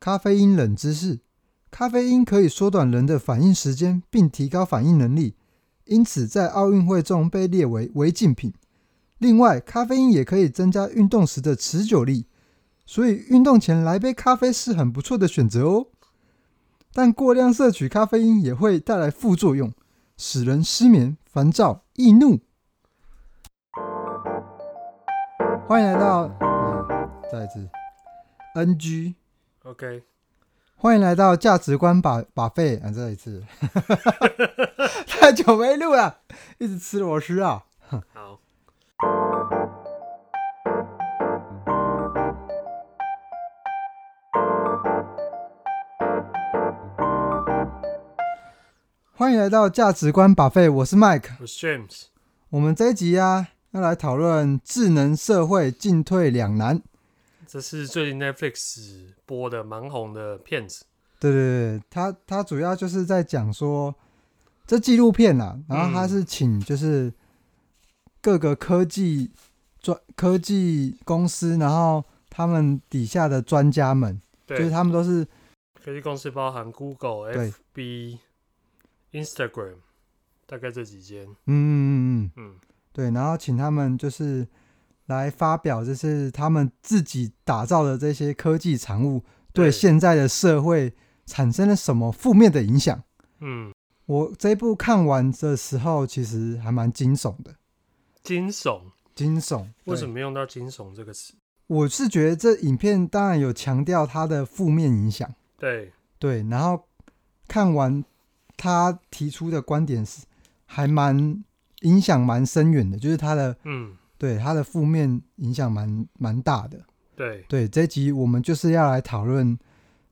咖啡因冷知識：咖啡因可以縮短人的反應時間，並提高反應能力，因此在奧運會中被列為違禁品。另外，咖啡因也可以增加運動時的持久力，所以運動前來杯咖啡是很不錯的選擇哦。但過量攝取咖啡因也會帶來副作用，使人失眠、煩躁、易怒。歡迎來到，嗯，再一次 NG。OK，歡迎來到價值觀把把費啊！這一次 太久沒錄了，一直吃螺絲啊！ uh, 好，歡迎來到價值觀把費，我是 Mike，我是 James，我們這一集啊，要來討論智能社會進退兩難。這是最近 Netflix 播的蠻紅的片子。對對對，它它主要就是在講說這紀錄片啊，然後它是請就是各個科技專科技公司，然後他們底下的專家們，對就是他們都是科技公司，包含 Google、FB、Instagram，大概這幾間。嗯嗯嗯嗯嗯，對，然後請他們就是。來發表，就是他們自己打造的這些科技產物，對現在的社會產生了什麼負面的影響？嗯，我這一部看完的時候，其實還蠻驚悚的。驚悚，驚悚，為什麼用到驚悚這個詞？我是覺得這影片當然有強調它的負面影響。對對，然後看完他提出的觀點是還蠻影響蠻深遠的，就是他的嗯。對，它的負面影響蠻蠻大的。對對，這一集我們就是要來討論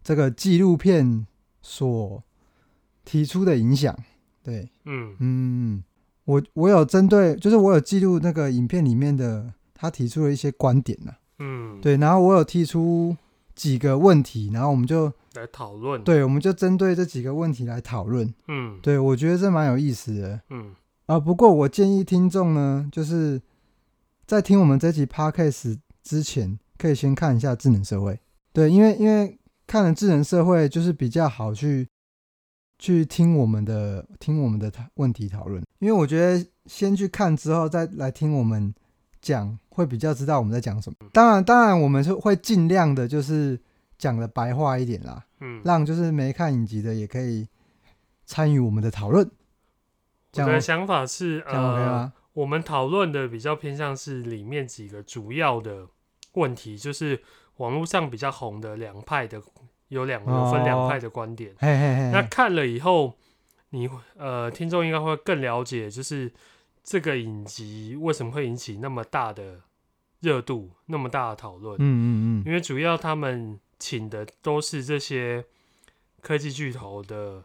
這個紀錄片所提出的影響。對，嗯嗯，我我有針對，就是我有記錄那個影片裡面的他提出了一些觀點吶啊。嗯，對，然後我有提出幾個問題，然後我們就來討論。對，我們就針對這幾個問題來討論。嗯，對，我覺得這蠻有意思的。嗯啊，不過我建議聽眾呢，就是。在聽我們這集 podcast 之前，可以先看一下《智能社會》。對，因為因為看了《智能社會》，就是比較好去去聽我們的聽我們的問題討論。因為我覺得先去看之後，再來聽我們講，會比較知道我們在講什麼。當然，當然，我們是會盡量的，就是講的白話一點啦，嗯，讓就是沒看影集的也可以參與我們的討論。我的想法是，這樣 OK 嗎？呃我們討論的比較偏向是裡面幾個主要的問題，就是網絡上比較紅的兩派的，有兩個分兩派的觀點。哦，嘿嘿嘿。那看了以後，你呃，聽眾應該會更了解，就是這個影集為什麼會引起那麼大的熱度，那麼大的討論。嗯嗯嗯，因為主要他們請的都是這些科技巨頭的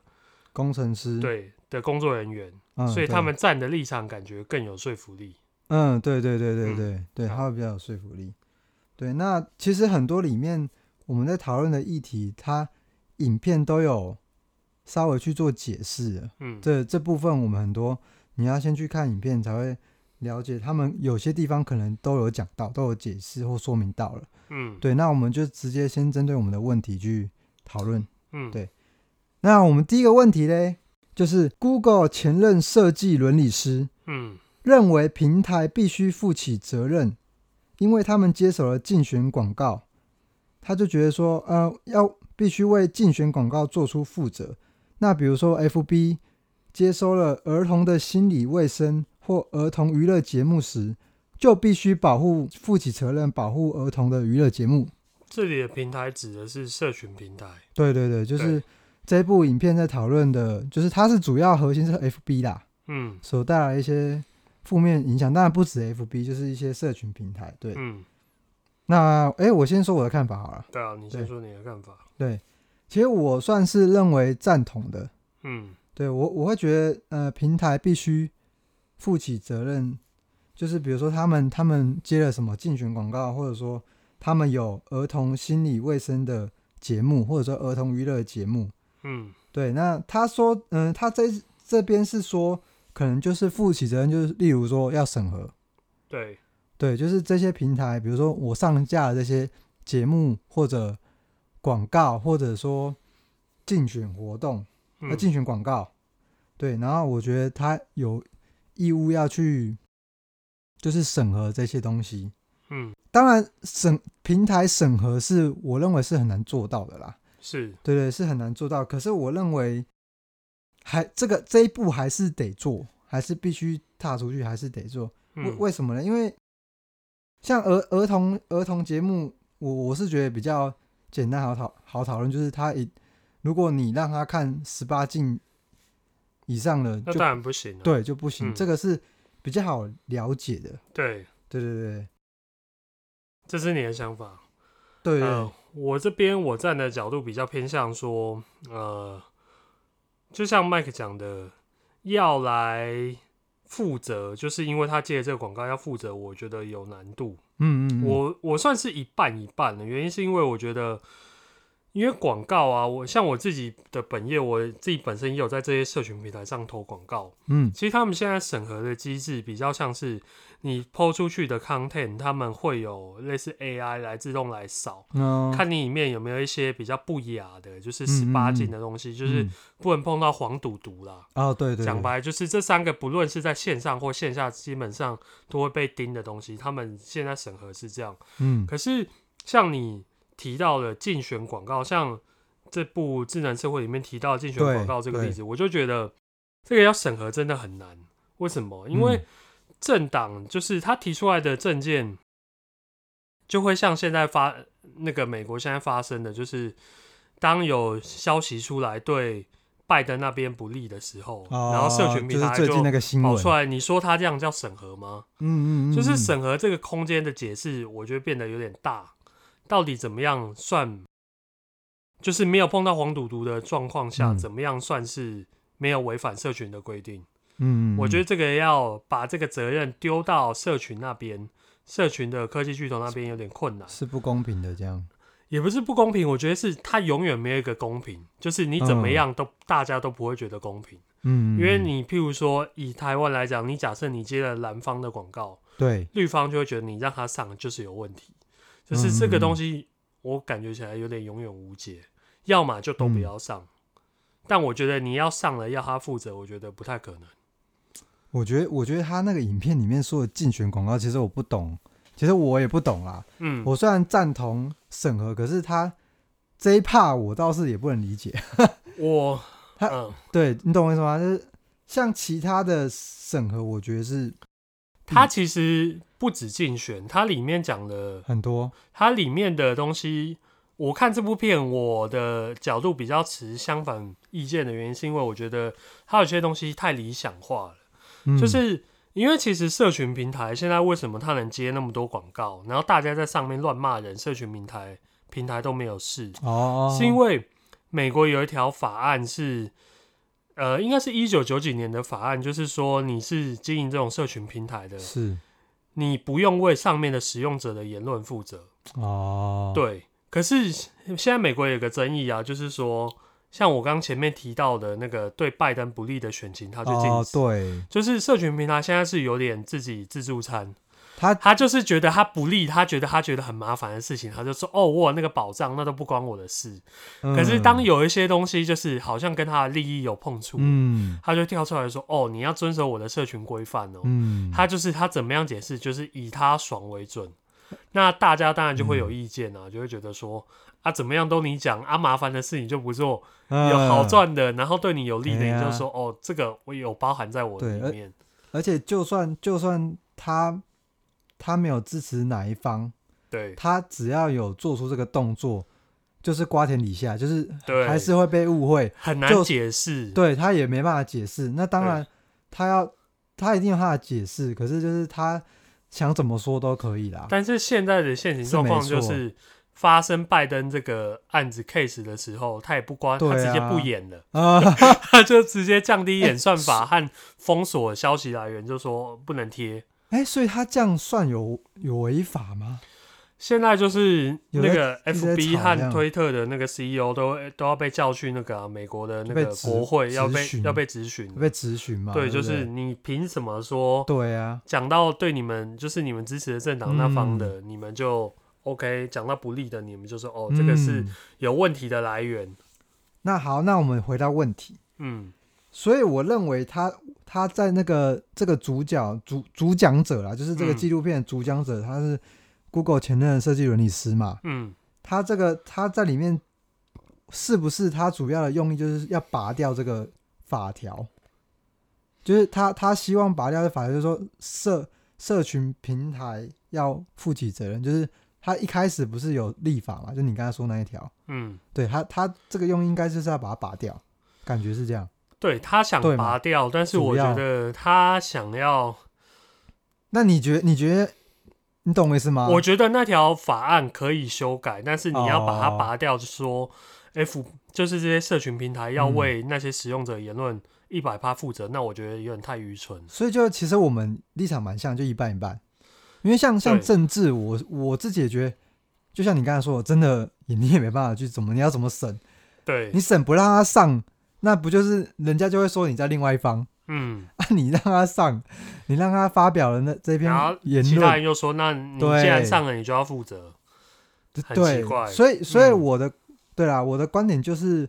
工程師。對。的工作人員，嗯，所以他們站的立場感覺更有說服力。嗯，對對對對對，嗯，對，他會比較有說服力。對，那其實很多裡面我們在討論的議題，他影片都有稍微去做解釋。嗯，這這部分我們很多你要先去看影片才會了解，他們有些地方可能都有講到，都有解釋或說明到了。嗯，對，那我們就直接先針對我們的問題去討論。嗯，對，那我們第一個問題嘞。就是 Google 前任設計倫理師，嗯，認為平台必須負起責任，因為他們接手了競選廣告，他就覺得說，呃，要必須為競選廣告做出負責。那比如說，FB 接收了兒童的心理衛生或兒童娛樂節目時，就必須保護、負起責任，保護兒童的娛樂節目。這裡的平台指的是社群平台。對對對，就是。這部影片在討論的，就是它是主要核心是 FB 啦，嗯，所帶來一些負面影響，當然不止 FB，就是一些社群平台，對，嗯，那哎、欸，我先說我的看法好了，對啊，你先說你的看法，對，對其實我算是認為贊同的，嗯，對我我會覺得，呃，平台必須負起責任，就是比如說他們他們接了什麼競選廣告，或者說他們有兒童心理衛生的節目，或者說兒童娛樂節目。嗯，對，那他說，嗯、呃，他這這邊是說，可能就是負起責任，就是例如說要審核，對，對，就是這些平台，比如說我上架的這些節目或者廣告，或者說競選活動，嗯，要競選廣告，對，然後我覺得他有義務要去，就是審核這些東西，嗯，當然審，平台審核是我認為是很難做到的啦。是對對是很難做到，可是我認為還這個這一步還是得做，還是必須踏出去，還是得做。嗯。為為什麼呢？因為像兒兒童兒童節目，我我是覺得比較簡單好討好討論，就是他一如果你讓他看十八禁以上的，那當然不行，對，就不行、嗯。這個是比較好了解的。對對，對對對，這是你的想法。對，對，對。哦我這邊，我站的角度比較偏向說，呃，就像麥克講的，要來負責，就是因為他接的這個廣告要負責，我覺得有難度。嗯嗯，嗯，我我算是一半一半的，原因是因為我覺得。因為廣告啊，我像我自己的本業，我自己本身也有在這些社群平台上投廣告。嗯，其實他們現在審核的機制比較像是你 po 出去的 content，他們會有類似 AI 來自動來掃、哦，看你裡面有沒有一些比較不雅的，就是十八禁的東西。嗯嗯，就是不能碰到黃賭毒啦。啊、哦，對對，對。講白就是這三個，不論是在線上或線下，基本上都會被盯的東西，他們現在審核是這樣。嗯，可是像你。提到了競選廣告，像這部《智能社會》裡面提到的競選廣告這個例子，我就覺得這個要審核真的很難。為什麼？因為政黨就是他提出來的政見就會像現在發那個美國現在發生的，就是當有消息出來對拜登那邊不利的時候，哦、然後社群媒體他就最近那個新聞出來，你說他這樣叫審核嗎？嗯嗯，嗯，就是審核這個空間的解釋，我覺得變得有點大。到底怎麼樣算？就是沒有碰到黃賭毒的狀況下，嗯，怎麼樣算是沒有違反社群的規定？嗯，我覺得這個要把這個責任丟到社群那邊，社群的科技巨頭那邊有點困難，是，是不公平的這樣。也不是不公平，我覺得是它永遠沒有一個公平，就是你怎麼樣都、嗯、大家都不會覺得公平。嗯，因為你譬如說以台灣來講，你假設你接了藍方的廣告，對綠方就會覺得你讓他上就是有問題。就是這個東西，我感覺起來有點永遠無解，嗯、要麼就都不要上、嗯。但我覺得你要上了，要他負責，我覺得不太可能。我覺得，我覺得他那個影片裡面說的競選廣告，其實我不懂，其實我也不懂啦。嗯，我雖然贊同審核，可是他這一趴，我倒是也不能理解。呵呵我他、嗯、對，你懂我意思嗎？就是像其他的審核，我覺得是。嗯，他其實不止競選，他裡面講了很多。他裡面的東西，我看這部片，我的角度比較持相反意見的原因，是因為我覺得他有些東西太理想化了，嗯。就是因為其實社群平台現在為什麼它能接那麼多廣告，然後大家在上面亂罵人，社群平台平台都沒有事，哦，是因為美國有一條法案是。呃，應該是一九九幾年的法案，就是說你是經營這種社群平台的，是，你不用為上面的使用者的言論負責哦。對，可是現在美國有個爭議啊，就是說像我剛前面提到的那個對拜登不利的選情，他最近對，就是社群平台現在是有點自己自助餐。他他就是覺得他不利，他覺得他覺得很麻煩的事情，他就說：“哦，我有那個保障，那都不關我的事。嗯”可是當有一些東西就是好像跟他的利益有碰觸、嗯，他就跳出來說：“哦，你要遵守我的社群規範哦。嗯”他就是他怎麼樣解釋，就是以他爽為準、嗯。那大家當然就會有意見啊，就會覺得說：“啊，怎麼樣都你講，啊，麻煩的事情就不做，嗯、有好賺的，然後對你有利的，哎、你就說哦，這個我有包含在我的裡面。”而且就算就算他。他沒有支持哪一方，對，他只要有做出這個動作，就是瓜田李下，就是還是會被誤會，很難解釋。對他也沒辦法解釋。那當然，他要他一定有他的解釋，可是就是他想怎麼說都可以啦。但是現在的現行狀況就是，發生拜登這個案子 case 的時候，他也不瓜、啊，他直接不演了啊、嗯，他就直接降低演算法和封鎖消息來源，就說不能貼。哎、欸，所以他這樣算有有違法嗎？現在就是那個 F B 和推特的那個 C E O 都都要被叫去那個、啊、美國的那個國會要被質詢要被質詢，被質詢嘛？對，就是你憑什麼說？對啊，講到對你們就是你們支持的政黨那方的，嗯、你們就 O K；講到不利的，你們就說哦、嗯，這個是有問題的來源。那好，那我們回到問題。嗯，所以我認為他。他在那個這個主角主主講者啦，就是這個紀錄片的主講者，嗯，他是 Google 前任的設計倫理師嘛。嗯，他這個他在裡面是不是他主要的用意就是要拔掉這個法條？就是他他希望拔掉的法條，就是說社社群平台要負起責任。就是他一開始不是有立法嘛？就你剛才說那一條，嗯對，對他他這個用意應該就是要把它拔掉，感覺是這樣。對，他想拔掉，但是我覺得他想要。要那你覺得？你覺得你懂我意思嗎？我覺得那條法案可以修改，但是你要把它拔掉，就說 F 哦哦哦哦哦，就是這些社群平台要為那些使用者言論一百趴負責，嗯，那我覺得有點太愚蠢。所以就其實我們立場蠻像，就一半一半。因為像像政治，我我自己也覺得，就像你剛才說的，我真的你也沒辦法去怎麼你要怎麼審，對你審不讓他上。那不就是人家就會說你在另外一方，嗯，啊，你讓他上，你讓他發表了那這篇言論，對，其他人又說，那既然上了，你就要負責對，很奇怪，對，所以，所以我的、嗯、對啦，我的觀點就是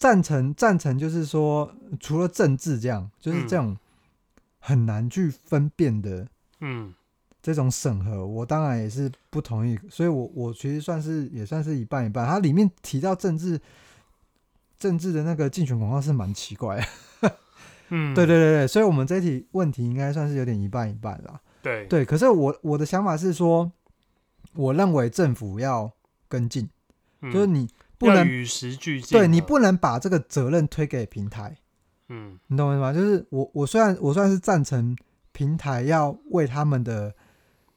贊成，贊成就是說，除了政治這樣，就是這種很難去分辨的，嗯，這種審核，我當然也是不同意。所以我，我我其實算是也算是一半一半。它裡面提到政治。政治的那個競選廣告是蠻奇怪的， 嗯，對對對對，所以我們這題問題應該算是有點一半一半啦。對對，可是我我的想法是說，我認為政府要跟進，嗯、就是你不能與時俱進，對，你不能把這個責任推給平台。嗯，你懂我意思嗎？就是我我雖然我算是贊成平台要為他們的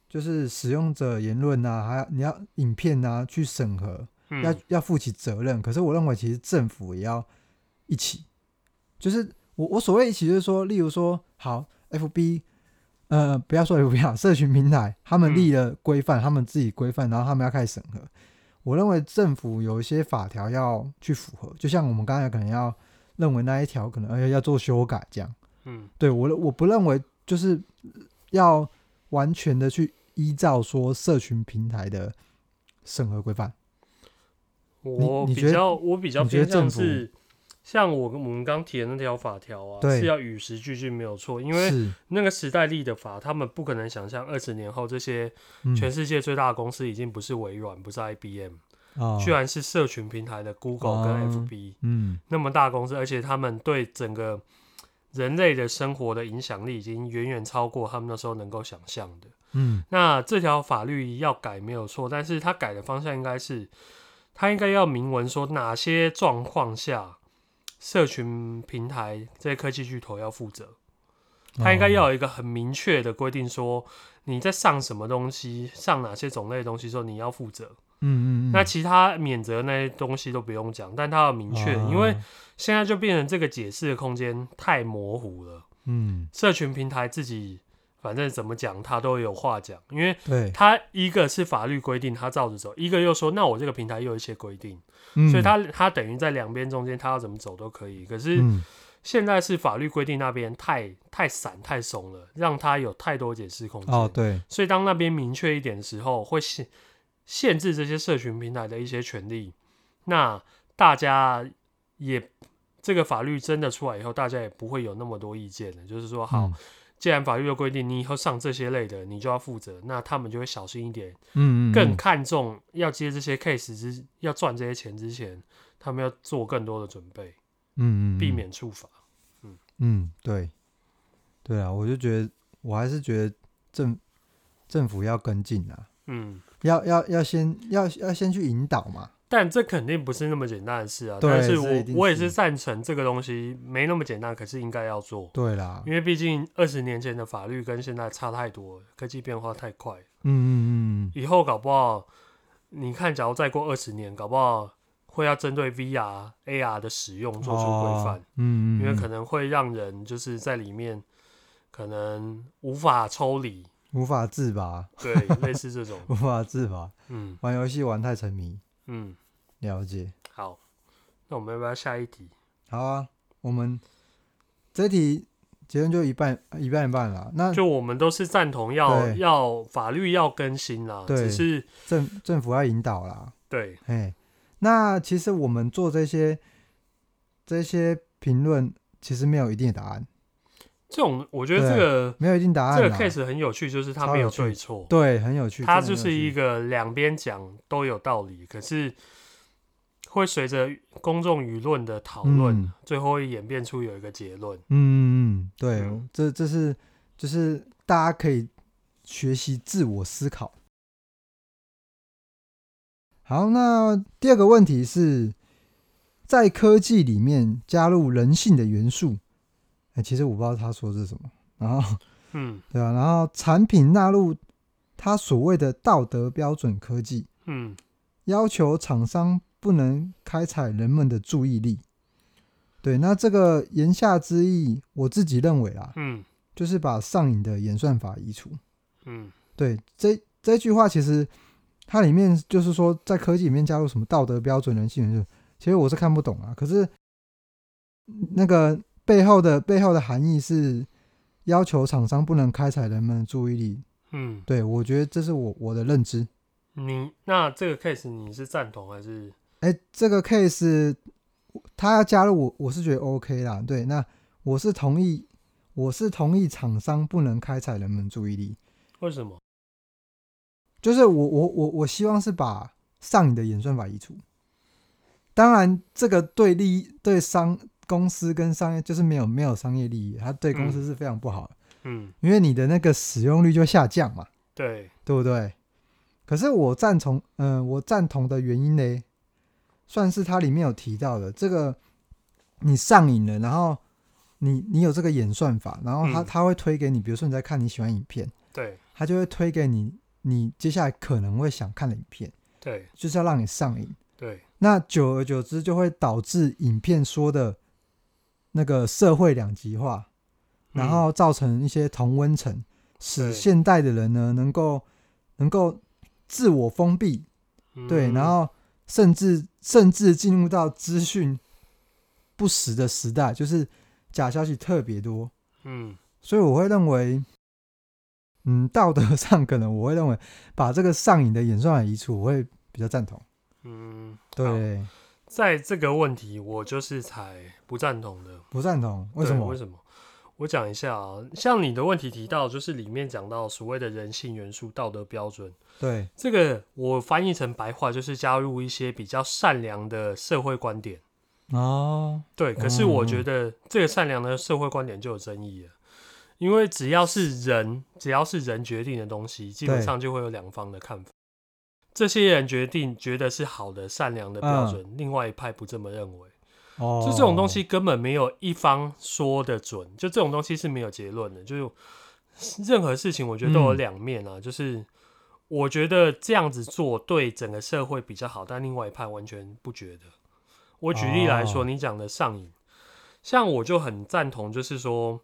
就是使用者言論啊，還要你要影片啊去審核。要要負起責任，可是我認為其實政府也要一起，就是我我所謂一起就是說，例如說好 FB 呃，不要說 FB 啊，社群平台他們立了規範，他們自己規範，然後他們要開始審核。我認為政府有一些法條要去符合，就像我們剛才可能要認為那一條可能而且要做修改這樣。嗯，對，我我不認為就是要完全的去依照說社群平台的審核規範。我比較，我比較偏向是，像我們我們剛提的那條法條啊，是要與時俱進沒有錯，因為那個時代立的法，他們不可能想象二十年後這些全世界最大的公司已經不是微軟，不是 IBM，嗯，居然是社群平台的 Google 跟 FB，嗯，嗯，那麼大公司，而且他們對整個人類的生活的影響力已經遠遠超過他們那時候能夠想象的，嗯，那這條法律要改沒有錯，但是它改的方向應該是。他應該要明文說哪些狀況下，社群平台這些科技巨頭要負責。他應該要有一個很明確的規定，說你在上什麼東西，上哪些種類的東西的時候你要負責。嗯，嗯嗯。那其他免責那些東西都不用講，但他要明確，因為現在就變成這個解釋的空間太模糊了。嗯，社群平台自己。反正怎麼講，他都有話講，因為他一個是法律規定，他照着走；一個又說，那我這個平台又有一些規定，嗯，所以他他等於在兩邊中間，他要怎麼走都可以。可是現在是法律規定那邊太太散、太鬆了，讓他有太多解釋空間。哦，對。所以當那邊明確一點的時候，會限限制這些社群平台的一些權利。那大家也這個法律真的出來以後，大家也不會有那麼多意見的，就是說，好。嗯既然法律有規定，你以後上這些類的，你就要負責，那他們就會小心一點，嗯，嗯，嗯，更看重要接這些 case 之要賺這些錢之前，他們要做更多的準備，嗯嗯，避免處罰，嗯嗯，對，對啊，我就覺得，我還是覺得政政府要跟進啊，嗯，要要要先要要先去引導嘛。但這肯定不是那麼簡單的事啊！但是我是是我也是贊成這個東西沒那麼簡單，可是應該要做。對啦，因為畢竟二十年前的法律跟現在差太多，科技變化太快。嗯嗯嗯。以後搞不好，你看，假如再過二十年，搞不好會要針對 VR、AR 的使用做出規範，哦。嗯嗯。因為可能會讓人就是在裡面可能無法抽離，無法自拔。對， 類似這種無法自拔。嗯，玩遊戲玩太沉迷。嗯，了解。好，那我們要不要下一題？好啊，我們這題結論就一半、一半一半了。那就我們都是贊同要要法律要更新啦，對，只是政政府要引導啦，對。嘿，那其實我們做這些這些評論，其實沒有一定的答案。這種我覺得這個沒有一定答案，這個 case 很有趣，就是它沒有對錯，對，很有趣，它就是一個兩邊講都有道理，可是會隨着公眾輿論的討論、嗯，最後會演變出有一個結論。嗯嗯嗯，對，嗯、這這是就是大家可以學習自我思考。好，那第二個問題是，在科技裡面加入人性的元素。其實我不知道他說的是什麼，然後，嗯，對啊，然後產品納入他所謂的道德標準科技，嗯，要求廠商不能開採人們的注意力，對。那這個言下之意，我自己認為啊，嗯，就是把上癮的演算法移除，嗯，對。這這句話其實它裡面就是說，在科技裡面加入什麼道德標準、人性原則，其實我是看不懂啊。可是那個。背後的背後的含義是要求廠商不能開採人們的注意力。嗯，對，我覺得這是我我的認知。你，那這個 case 你是贊同還是？哎、欸，這個 case 他要加入我，我是覺得 OK 啦。對，那我是同意，我是同意廠商不能開採人們注意力。為什麼？就是我我我我希望是把上癮的演算法移除。當然，這個對利對商。公司跟商業就是沒有沒有商業利益，它對公司是非常不好的，嗯。嗯，因為你的那個使用率就下降嘛。對，對不對？可是我贊同，嗯、呃，我贊同的原因呢，算是它裡面有提到的。這個你上癮了，然後你你有這個演算法，然後他、嗯、他會推給你。比如說你在看你喜歡影片，對，他就會推給你你接下來可能會想看的影片，對，就是要讓你上癮。對，那久而久之就會導致影片說的。那個社會兩極化，然後造成一些同溫層，嗯，使現代的人呢能夠能夠自我封閉，嗯，對，然後甚至甚至進入到資訊不實的時代，就是假消息特別多，嗯，所以我會認為，嗯，道德上可能我會認為把這個上癮的演算法移除，我會比較贊同，嗯，對。在這個問題，我就是才不贊同的，不贊同。為什麼？為什麼？我講一下啊，像你的問題提到，就是裡面講到所謂的人性元素、道德標準。對，這個我翻譯成白話，就是加入一些比較善良的社會觀點哦，oh, 對、嗯，可是我覺得這個善良的社會觀點就有爭議了，因為只要是人，只要是人決定的東西，基本上就會有兩方的看法。這些人決定覺得是好的、善良的標準。嗯。另外一派不這麼認為。哦。就這種東西根本沒有一方說的準，就這種東西是沒有結論的。就是任何事情，我覺得都有兩面啊。嗯。就是我覺得這樣子做對整個社會比較好，但另外一派完全不覺得。我舉例來說，哦。你講的上癮，像我就很贊同，就是說，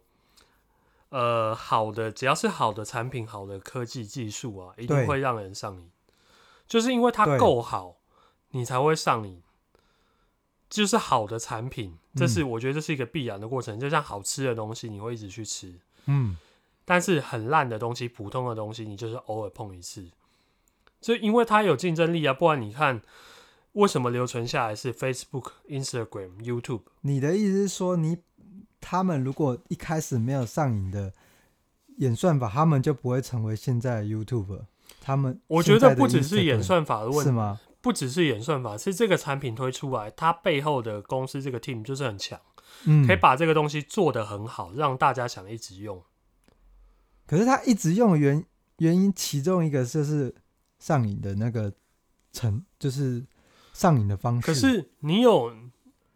呃，好的，只要是好的產品、好的科技技術啊，一定會讓人上癮。就是因為它夠好，你才會上癮。就是好的產品，嗯，這是我覺得這是一個必然的過程。就像好吃的東西，你會一直去吃。嗯，但是很爛的東西、普通的東西，你就是偶爾碰一次。所以因為它有競爭力啊，不然你看為什麼留存下來是 Facebook、Instagram、YouTube？你的意思是說你，他們如果一開始沒有上癮的演算法，他們就不會成為現在的 YouTube。他們我覺得不只是演算法的問題是嗎？不只是演算法，是這個產品推出來，它背後的公司這個 team 就是很強，嗯，可以把這個東西做得很好，讓大家想一直用。可是他一直用的原原因其中一個就是上癮的那個成，就是上癮的方式。可是你有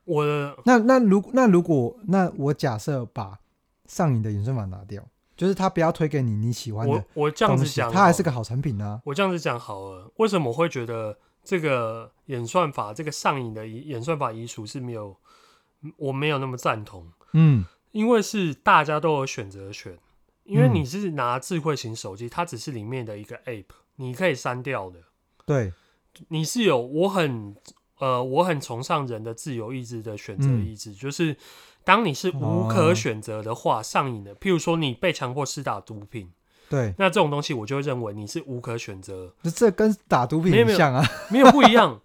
我的那那如那如果那我假設把上癮的演算法拿掉。就是他不要推給你你喜歡的，我我這樣子講，他還是個好產品呢、啊。我這樣子講好了，為什麼我會覺得這個演算法這個上癮的演算法移除是沒有，我沒有那麼贊同。嗯，因為是大家都有選擇權，因為你是拿智慧型手機、嗯，它只是裡面的一個 app，你可以刪掉的。對，你是有我很呃我很崇尚人的自由意志的選擇意志、嗯，就是。當你是無可選擇的話上癮，上癮的譬如說，你被強迫施打毒品，對，那這種東西我就會認為你是無可選擇。這跟打毒品，像啊、沒有沒有， 沒有不一樣。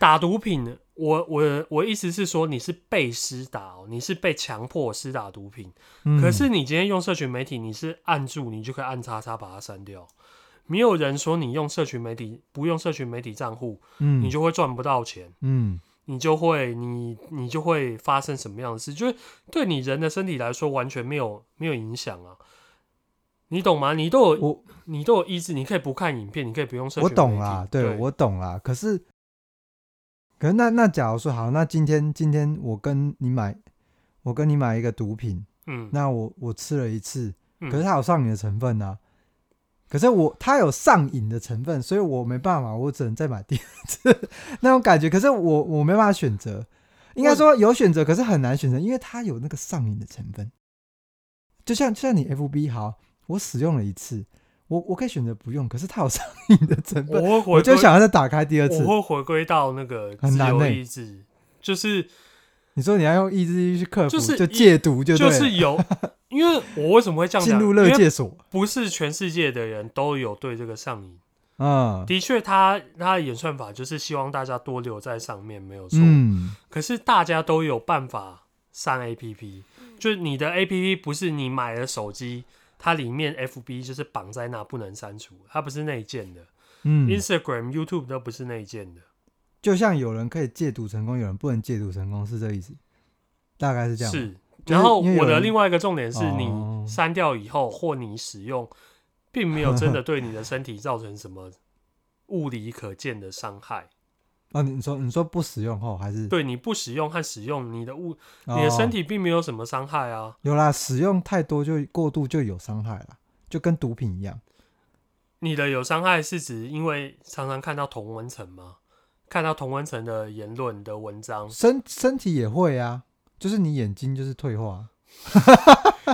打毒品，我我我意思是說，你是被施打，你是被強迫施打毒品，嗯。可是你今天用社群媒體，你是按住，你就可以按叉叉把它刪掉。沒有人說你用社群媒體，不用社群媒體賬戶，嗯，你就會賺不到錢，嗯。你就會，你你就會發生什麼樣的事？就是對你人的身體來說完全沒有沒有影響啊，你懂嗎？你都有我，你都有意志，你可以不看影片，你可以不用。我懂啦，對，對，對我懂啦。可是，可是那那假如說好，那今天今天我跟你買，我跟你買一個毒品，嗯，那我我吃了一次，可是它有上癮的成分啊。嗯可是我它有上癮的成分，所以我沒辦法，我只能再買第二次那種感覺。可是我我沒辦法選擇，應該說有選擇，可是很難選擇，因為它有那個上癮的成分。就像就像你 FB 好，我使用了一次，我我可以選擇不用，可是它有上癮的成分，我我就想要再打開第二次，我會回歸到那個很難的一次，就是你說你要用意志去克服，就是，就戒毒就對，就就是有。 因為我為什麼會這樣講？因為不是全世界的人都有對這個上癮。嗯，的確，他他的演算法就是希望大家多留在上面，沒有錯。嗯。可是大家都有辦法刪 APP，就是你的 APP 不是你買的手機，它裡面 FB 就是綁在那不能刪除，它不是內建的。嗯，Instagram、YouTube 都不是內建的。就像有人可以戒毒成功，有人不能戒毒成功，是這個意思？大概是這樣。是。然後我的另外一個重點是你刪掉以後，或你使用，並沒有真的對你的身體造成什麼物理可見的傷害。啊，你說你說不使用後還是對？你不使用和使用，你的物，你的身體並沒有什麼傷害啊。有啦，使用太多就過度就有傷害了，就跟毒品一樣。你的有傷害是指因為常常看到同溫層嗎？看到同溫層的言論的文章，身身體也會啊。就是你眼睛就是退化，，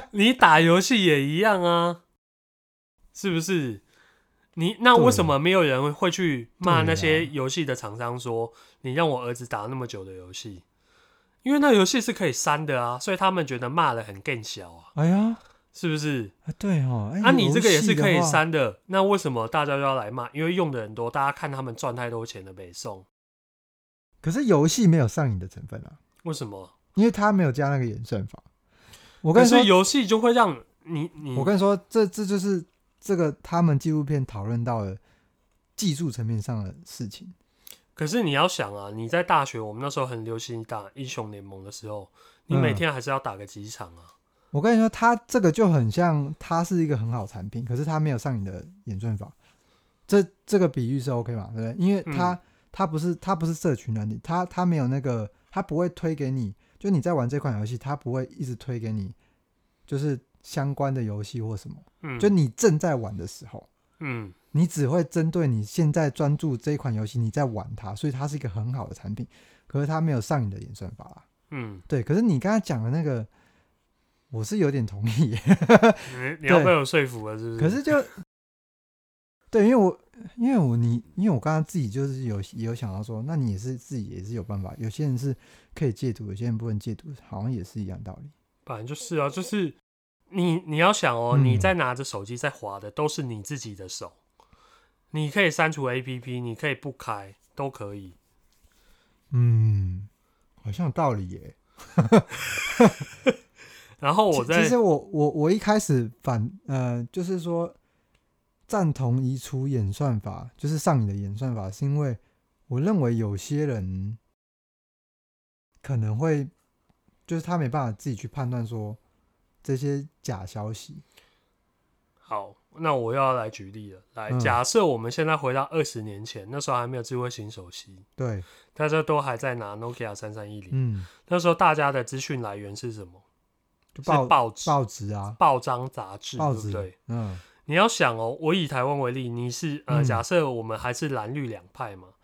你打遊戲也一樣啊，是不是？你那為什麼沒有人會去罵那些遊戲的廠商說，你讓我兒子打那麼久的遊戲？因為那遊戲是可以刪的啊，所以他們覺得罵的很更小啊。哎呀，是不是？對哦，那你這個也是可以刪的，那為什麼大家就要來罵？因為用的人多，大家看他們賺太多錢了，沒送。可是遊戲沒有上癮的成分啊，為什麼？因為他沒有加那個演算法，我跟你說，遊戲就會讓你你。我跟你說，這這就是這個他們紀錄片討論到的技術層面上的事情。可是你要想啊，你在大學，我們那時候很流行打英雄聯盟的時候，你每天還是要打個幾場啊、嗯。我跟你說，他這個就很像，它是一個很好產品，可是它沒有上你的演算法。這這個比喻是 OK 嘛？對不對？因為它它、嗯、不是它不是社群能力，它它沒有那個，它不會推給你。就你在玩這款遊戲，它不會一直推給你，就是相關的遊戲或什麼。嗯，就你正在玩的時候，嗯，你只會針對你現在專注這款遊戲，你在玩它，所以它是一個很好的產品。可是它沒有上癮的演算法啦、啊。嗯，對。可是你剛才講的那個，我是有點同意。你、 欸、你要被我說服了是不是？可是就，對，因為我。因為我你，因為我剛剛自己就是有有想到說，那你也是自己也是有辦法。有些人是可以戒毒，有些人不能戒毒，好像也是一樣道理。反正就是啊，就是你你要想哦，嗯、你在拿着手機在滑的都是你自己的手。你可以刪除 APP，你可以不開，都可以。嗯，好像有道理耶、欸。 然後我在，其實我我我一開始反呃，就是說。贊同移除演算法，就是上你的演算法，是因為我認為有些人可能會，就是他沒辦法自己去判斷說這些假消息。好，那我又要來舉例了。來，嗯、假設我們現在回到二十年前，那時候還沒有智慧型手機，對，大家都還在拿 Nokia 三三一零。嗯，那時候大家的資訊來源是什麼？就報紙、報紙啊、報章、雜誌、報紙。對，對，嗯。你要想哦，我以台灣為例，你是呃，假設我們還是藍綠兩派嘛，嗯，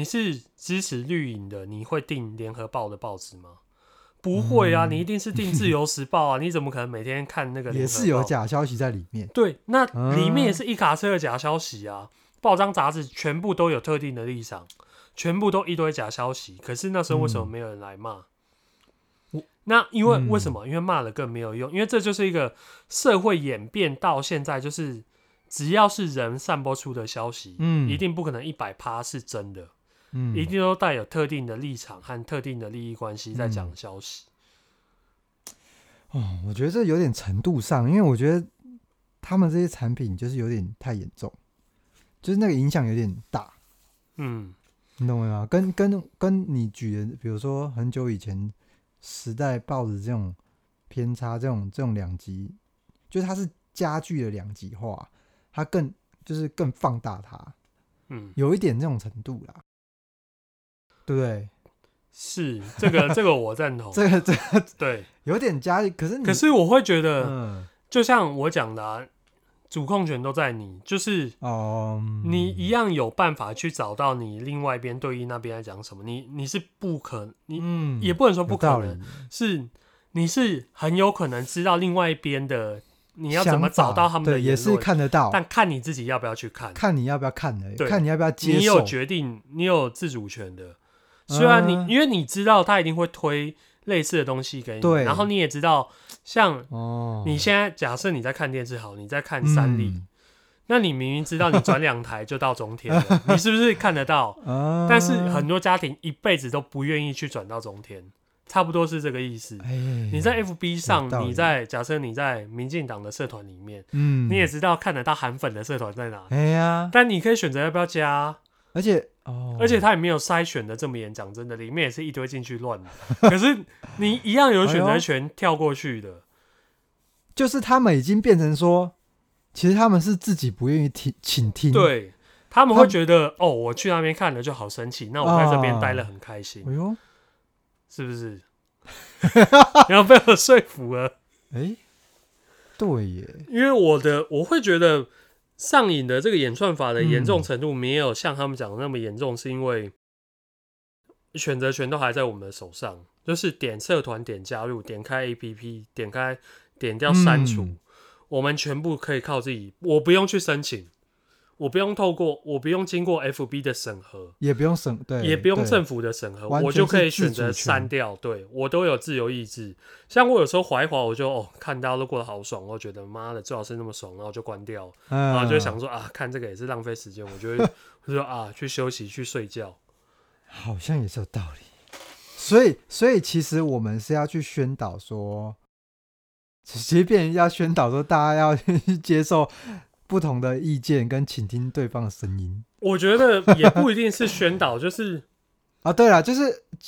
你是支持綠營的，你會訂聯合報的報紙嗎？嗯，不會啊，你一定是訂自由時報啊，你怎麼可能每天看那個，也是有假消息在裡面？對，那裡面也是一卡車的假消息啊，報章雜誌全部都有特定的立場，全部都一堆假消息，可是那時候為什麼沒有人來罵？嗯。那因為為什麼？嗯、因為罵了更沒有用。因為這就是一個社會演變到現在，就是只要是人散播出的消息，嗯，一定不可能一百趴是真的，嗯，一定都帶有特定的立場和特定的利益關係在講的消息、嗯。哦，我覺得這有點程度上，因為我覺得他們這些產品就是有點太嚴重，就是那個影響有點大。嗯，你懂嗎？跟跟跟你舉的，比如說很久以前。時代報紙這種偏差，這種，這種這種兩極，就是它是加劇了兩極化，它更就是更放大它，嗯，有一點這種程度啦，對，是，這個這個我贊同、 這個，這個這個對有點加，可是你可是我會覺得，嗯、就像我講的、啊。主控權都在你，就是你一樣有辦法去找到你另外一邊對於那邊來講什麼，你你是不可，你嗯，也不能說不可能，嗯、是你是很有可能知道另外一邊的，你要怎麼找到他們的，也是看得到，但看你自己要不要去看，看你要不要看的、欸，看你要不要接受，你有決定，你有自主權的，雖然你、嗯、因為你知道他一定會推。類似的東西給你，對，然後你也知道，像你現在假設你在看電視好，你在看三立、嗯，那你明明知道你轉兩台就到中天， 你是不是看得到？嗯、但是很多家庭一輩子都不願意去轉到中天，差不多是這個意思。哎、你在 FB 上，哎、你在假設你在民進黨的社團裡面、嗯，你也知道看得到韓粉的社團在哪，哎。但你可以選擇要不要加，而且。而且他也沒有篩選的這麼嚴，講真的，裡面也是一堆進去亂的， 可是你一樣有選擇權跳過去的、哎，就是他們已經變成說，其實他們是自己不願意聽傾聽，對，他們會覺得哦，我去那邊看了就好生氣，那我在這邊待了很開心，啊哎、是不是？然 後 被我說服了，哎、欸，對耶，因為我的我會覺得。上癮的這個演算法的嚴重程度沒有像他們講的那麼嚴重，嗯，是因為選擇權都還在我們的手上，就是點社團、點加入，點開 APP、點開點，點掉刪除，我們全部可以靠自己，我不用去申請。我不用透過，我不用經過 FB 的審核，也不用審，對，也不用政府的審核，我就可以選擇刪掉。對我都有自由意志。像我有時候滑一滑，我就哦看大家都過得好爽，我覺得媽的最好是那麼爽，然後我就關掉、嗯，然後就想說啊，看這個也是浪費時間，我就會就說 啊，去休息去睡覺，好像也是有道理。所以，所以其實我們是要去宣導說，即便要宣導說大家要 接受。不同的意見跟傾聽對方的聲音，我覺得也不一定是宣導， 就是啊，對啦，就是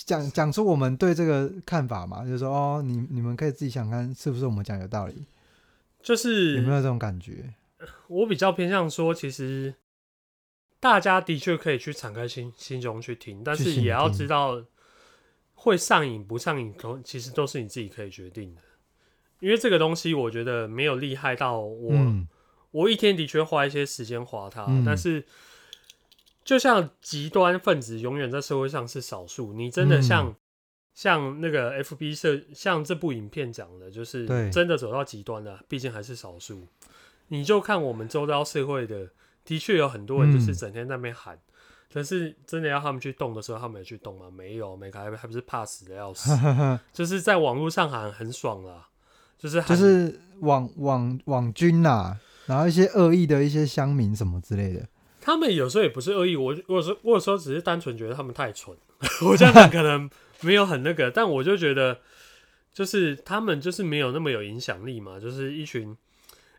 講講出我們對這個看法嘛，就是說哦，你你們可以自己想看是不是我們講有道理，就是有沒有這種感覺？我比較偏向說，其實大家的確可以去敞開心心中去聽，但是也要知道會上癮不上癮，其實都是你自己可以決定的，因為這個東西我覺得沒有厲害到我、嗯。我一天的確花一些時間滑它，但是就像極端分子永遠在社會上是少數。你真的像、嗯、像那個 FB 社，像這部影片講的，就是真的走到極端了，畢竟還是少數。你就看我們周遭社會的，的確有很多人就是整天在那邊喊、嗯，但是真的要他們去動的時候，他們有去動嗎？沒有，每個還不是怕死的要死， 就是在網絡上喊很爽啊。就是就是網網網軍吶、啊。然後一些惡意的一些鄉民什麼之類的，他們有時候也不是惡意，我我說我說只是單純覺得他們太蠢， 我這樣講可能沒有很那個， 但我就覺得就是他們就是沒有那麼有影響力嘛，就是一群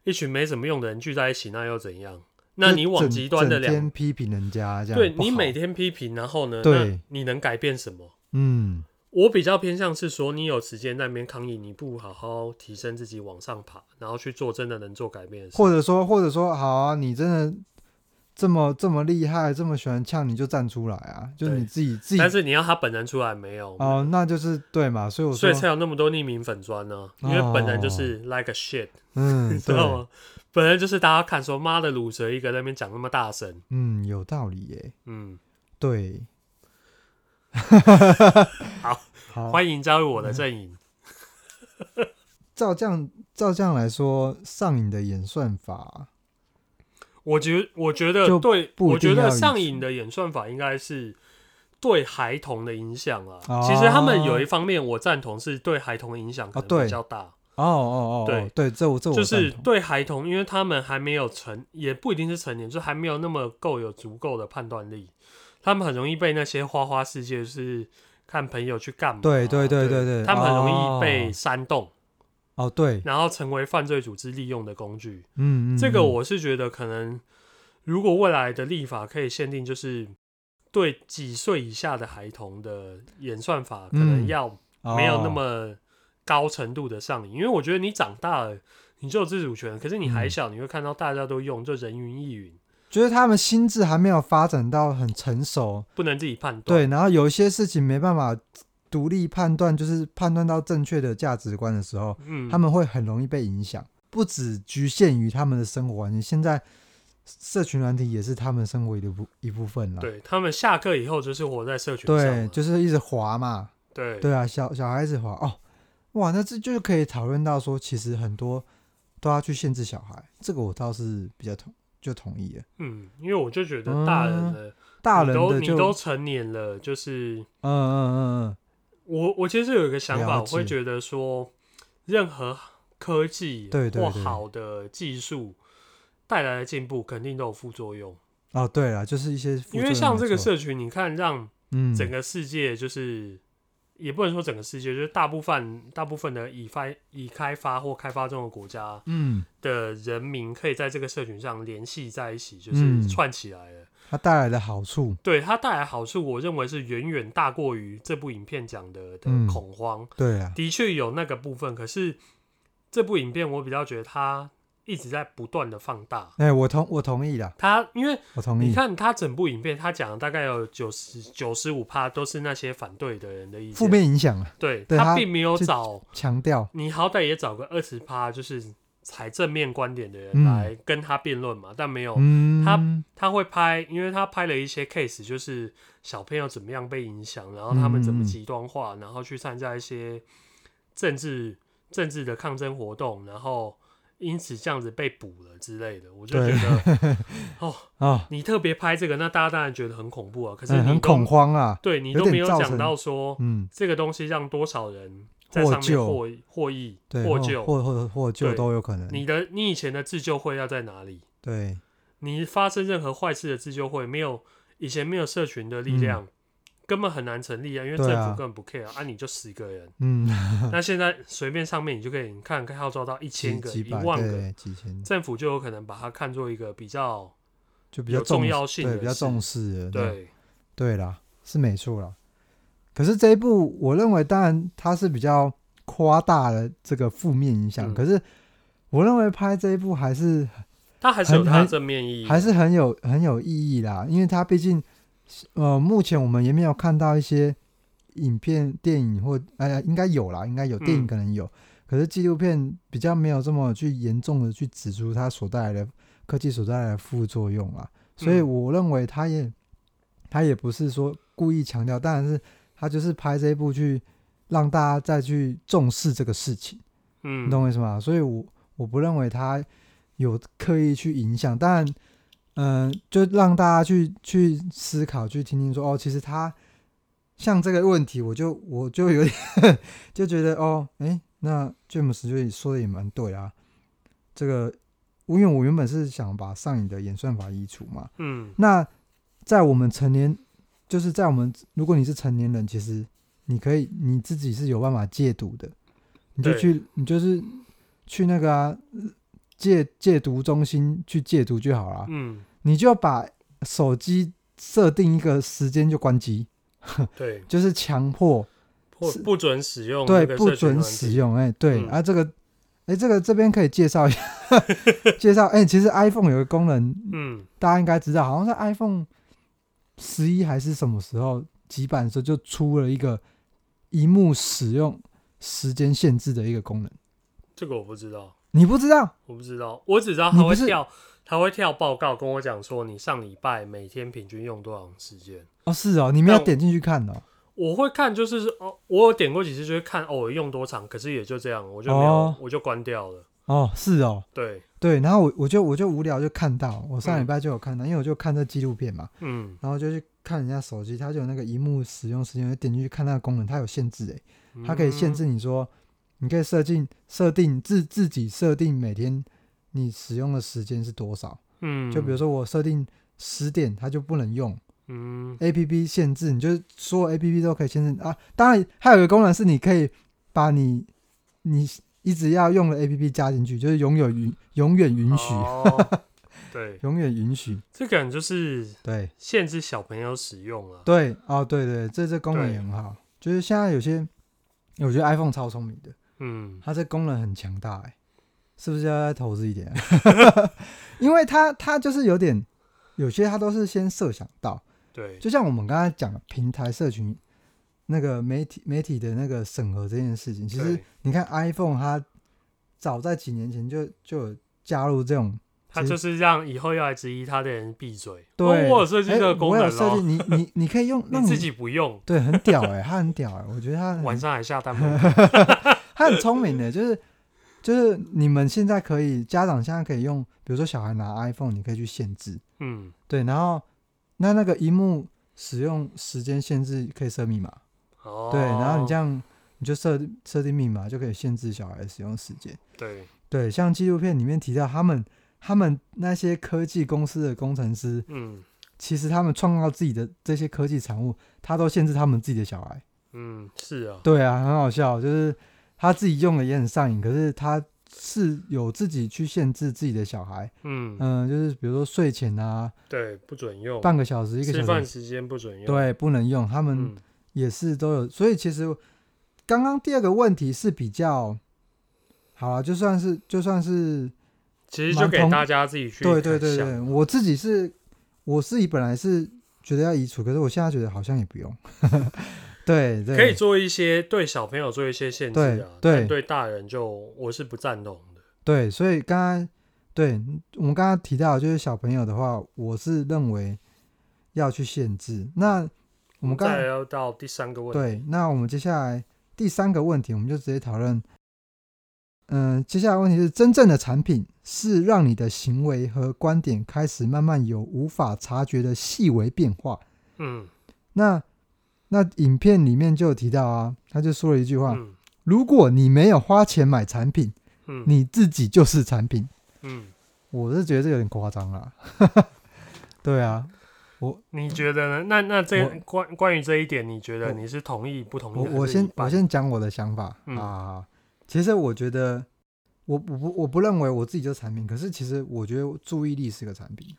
一群沒什麼用的人聚在一起、啊，那又怎樣？那你往極端的兩邊批評人家這樣，對你每天批評，然後呢，那你能改變什麼？嗯。我比較偏向是說，你有時間那邊抗議，你不如好好提升自己往上爬，然後去做真的能做改變的事。或者說，或者說，好啊，你真的這麼這麼厲害，這麼喜歡嗆，你就站出來啊！就你自己自己。但是你要他本人出來沒有？哦，那就是對嘛，所以我說所以才有那麼多匿名粉磚呢、啊，因為本人就是 like a shit，、哦、嗯， 知道嗎？本人就是大家看說媽的魯哲一個那邊講那麼大聲，嗯，有道理耶，嗯，對。哈哈哈！好，歡迎加入我的陣營。哈哈，照這樣照這樣來說，上癮的演算法，我覺我覺得對，我覺得上癮的演算法應該是對孩童的影響啊。哦，其實他們有一方面，我贊同是對孩童的影響可能比較大。哦哦哦，對對，這我這我贊同，就是對孩童，因為他們還沒有成，也不一定是成年，就還沒有那麼夠有足夠的判斷力。他們很容易被那些花花世界，是看朋友去幹嘛？對對對對，對，對，他們很容易被煽動。哦、oh. oh，對，然後成為犯罪組織利用的工具。嗯嗯，這個我是覺得可能，如果未來的立法可以限定，就是對幾歲以下的孩童的演算法，可能要沒有那麼高程度的上癮。嗯 oh. 因為我覺得你長大了，你就有自主權；可是你還小，嗯，你會看到大家都用，就人云亦云。覺得他們心智還沒有發展到很成熟，不能自己判斷。對，然後有一些事情沒辦法獨立判斷，就是判斷到正確的價值觀的時候，嗯，他們會很容易被影響，不止局限於他們的生活環境，現在社群軟體也是他們生活的一部一部分了。對，他們下課以後就是活在社群。對，就是一直滑嘛。對對啊，小小孩子滑哦，哇，那這就是可以討論到說，其實很多都要去限制小孩，這個我倒是比較同。就同意了。嗯，因為我就覺得大人的，嗯，大人你都你都成年了，就是嗯嗯嗯嗯，嗯，我我其實有一個想法，我會覺得說，任何科技或好的技術帶來的進步，對對對，肯定都有副作用。哦，對啊，就是一些副作用，因為像這個社群，你看讓整個世界就是。也不能說整個世界，就是大部分大部分的已發已開發或開發中的國家的人民可以在這個社群上聯繫在一起，嗯，就是串起來了。它帶來的好處，對，它帶來的好處，我認為是遠遠大過於這部影片講的的恐慌。嗯，對啊，的確有那個部分，可是這部影片我比較覺得它。一直在不斷的放大。哎，我同我同意的。他，因為你看他整部影片，他講的大概有九十九十五趴都是那些反對的人的意思。負面影響啊。對他並沒有找強調，你好歹也找個二十趴就是採正面觀點的人來跟他辯論嘛。但沒有，他他會拍，因為他拍了一些 case，就是小朋友怎麼樣被影響，然後他們怎麼極端化，然後去參加一些政治政治的抗爭活動，然後。因此這樣子被捕了之類的，我就覺得，哦，哦，哦你特別拍這個，那大家當然覺得很恐怖啊，可是、嗯、很恐慌啊，對你都沒有講到說，這個東西讓多少人在上面獲獲益、獲救、獲獲救都有可能。你的你以前的自救會要在哪裡？對你發生任何壞事的自救會，沒有以前沒有社群的力量。嗯根本很難成立啊，因為政府根本不 care 啊，啊你就死一個人，嗯， 那現在隨便上面你就可以看，看要抓到一千個、幾一萬個，幾千個，政府就有可能把它看作一個比較，就比較重要性的對，比較重視，對，對啦，是沒錯啦。可是這一部，我認為當然它是比較誇大的這個負面影響、嗯，可是我認為拍這一部還是，它還是有它正面意義、啊，還是很有很有意義啦，因為它畢竟。呃，目前我們也沒有看到一些影片、電影或哎呀，呀應該有啦，應該有電影可能有，嗯，可是紀錄片比較沒有這麼去嚴重的去指出它所帶來的科技所帶來的副作用啊。所以我認為它也，它也不是說故意強調，但是它就是拍這一部去讓大家再去重視這個事情，嗯，你懂我意思嗎？所以我，我我不認為它有刻意去影響，但。嗯、呃，就讓大家去去思考，去聽聽說哦，其實他像這個問題，我就我就有點 就覺得哦，哎、欸，那詹姆斯就說也說的也蠻對啊。這個，因為我原本是想把上癮的演算法移除嘛。嗯。那在我們成年，就是在我們如果你是成年人，其實你可以你自己是有辦法戒毒的，你就去，你就是去那個、啊、戒戒毒中心去戒毒就好了。嗯。你就把手機設定一個時間就關機，對，就是強迫，迫不准使用，對，不准使用，哎，對，對、嗯，啊，這個，哎、欸，這個這邊可以介紹一下， 介紹，哎、欸，其實 iPhone 有個功能，嗯，大家應該知道，好像是 iPhone 十一，還是什麼時候幾版的時候就出了一個螢幕使用時間限制的一個功能，這個我不知道，你不知道，我不知道，我只知道它會他會跳報告跟我講說，你上禮拜每天平均用多長時間？哦，是哦，你沒有點進去看哦。我，我會看，就是哦，我有點過幾次就會看，哦，我用多長，可是也就這樣，我就沒有，哦、我就關掉了。哦，是哦，對對。然後我我就我就無聊就看到，我上禮拜就有看到、嗯，因為我就看這紀錄片嘛，嗯，然後就去看人家手機，他就有那個螢幕使用時間，就點進去看那個功能，它有限制誒、欸，它可以限制你說，嗯、你可以設定設定自自己設定每天。你使用的時間是多少？嗯，就比如說我設定十點，它就不能用。嗯，A P P 限制，你就是所有 A P P 都可以限制啊。當然，還有一個功能是你可以把你你一直要用的 A P P 加進去，就是擁有永允永遠允許。對， 永遠允許這感覺、個、就是對限制小朋友使用了、啊。對，哦，對對，這這功能也很好。就是現在有些，我覺得 iPhone 超聰明的，嗯，它這功能很強大哎、欸。是不是要再投資一點、啊？ 因為他他就是有點，有些他都是先設想到，對，就像我們剛才講的平台社群那個媒體媒體的那個審核這件事情，其實你看 iPhone，它早在幾年前就就有加入這種，他就是讓以後要來質疑他的人閉嘴，對，通過設計的功能，設計，你你你可以用讓你，你自己不用，對，很屌哎、欸，他很屌哎、欸，我覺得他晚上還下單， 他很聰明的、欸，就是。就是你們現在可以，家長現在可以用，比如說小孩拿 iPhone，你可以去限制，嗯，對。然後那那個螢幕使用時間限制可以設密碼，哦，對。然後你這樣你就設設定密碼，就可以限制小孩使用時間。對對，像紀錄片裡面提到，他們他們那些科技公司的工程師，嗯，其實他們創造自己的這些科技產物，他都限制他們自己的小孩。嗯，是啊。對啊，很好笑，就是。他自己用的也很上癮，可是他是有自己去限制自己的小孩，嗯、呃、就是比如說睡前啊，對，不准用半個小時，一個小時，吃飯時間不准用，對，不能用。他們也是都有，嗯、所以其實剛剛第二個問題是比較好了，就算是就算是，其實就給大家自己去，對對對對，我自己是我自己本來是覺得要移除，可是我現在覺得好像也不用。呵呵對,對，可以做一些對小朋友做一些限制、啊、對對,但對大人就我是不贊同的。對，所以剛剛對我們剛剛提到就是小朋友的話，我是認為要去限制。那我們剛才要到第三個問題。對，那我們接下來第三個問題，我們就直接討論。嗯、呃，接下來問題是真正的產品是讓你的行為和觀點開始慢慢有無法察覺的細微變化。嗯，那。那影片裡面就有提到啊，他就說了一句話：“嗯、如果你沒有花錢買產品，嗯、你自己就是產品。”嗯，我是覺得這有點誇張啦。 對啊，我你覺得呢？那那這關關於這一點，你覺得你是同意不同意的？我我先我先講我的想法、嗯、啊。其實我覺得我，我我不我不認為我自己就是產品，可是其實我覺得注意力是個產品。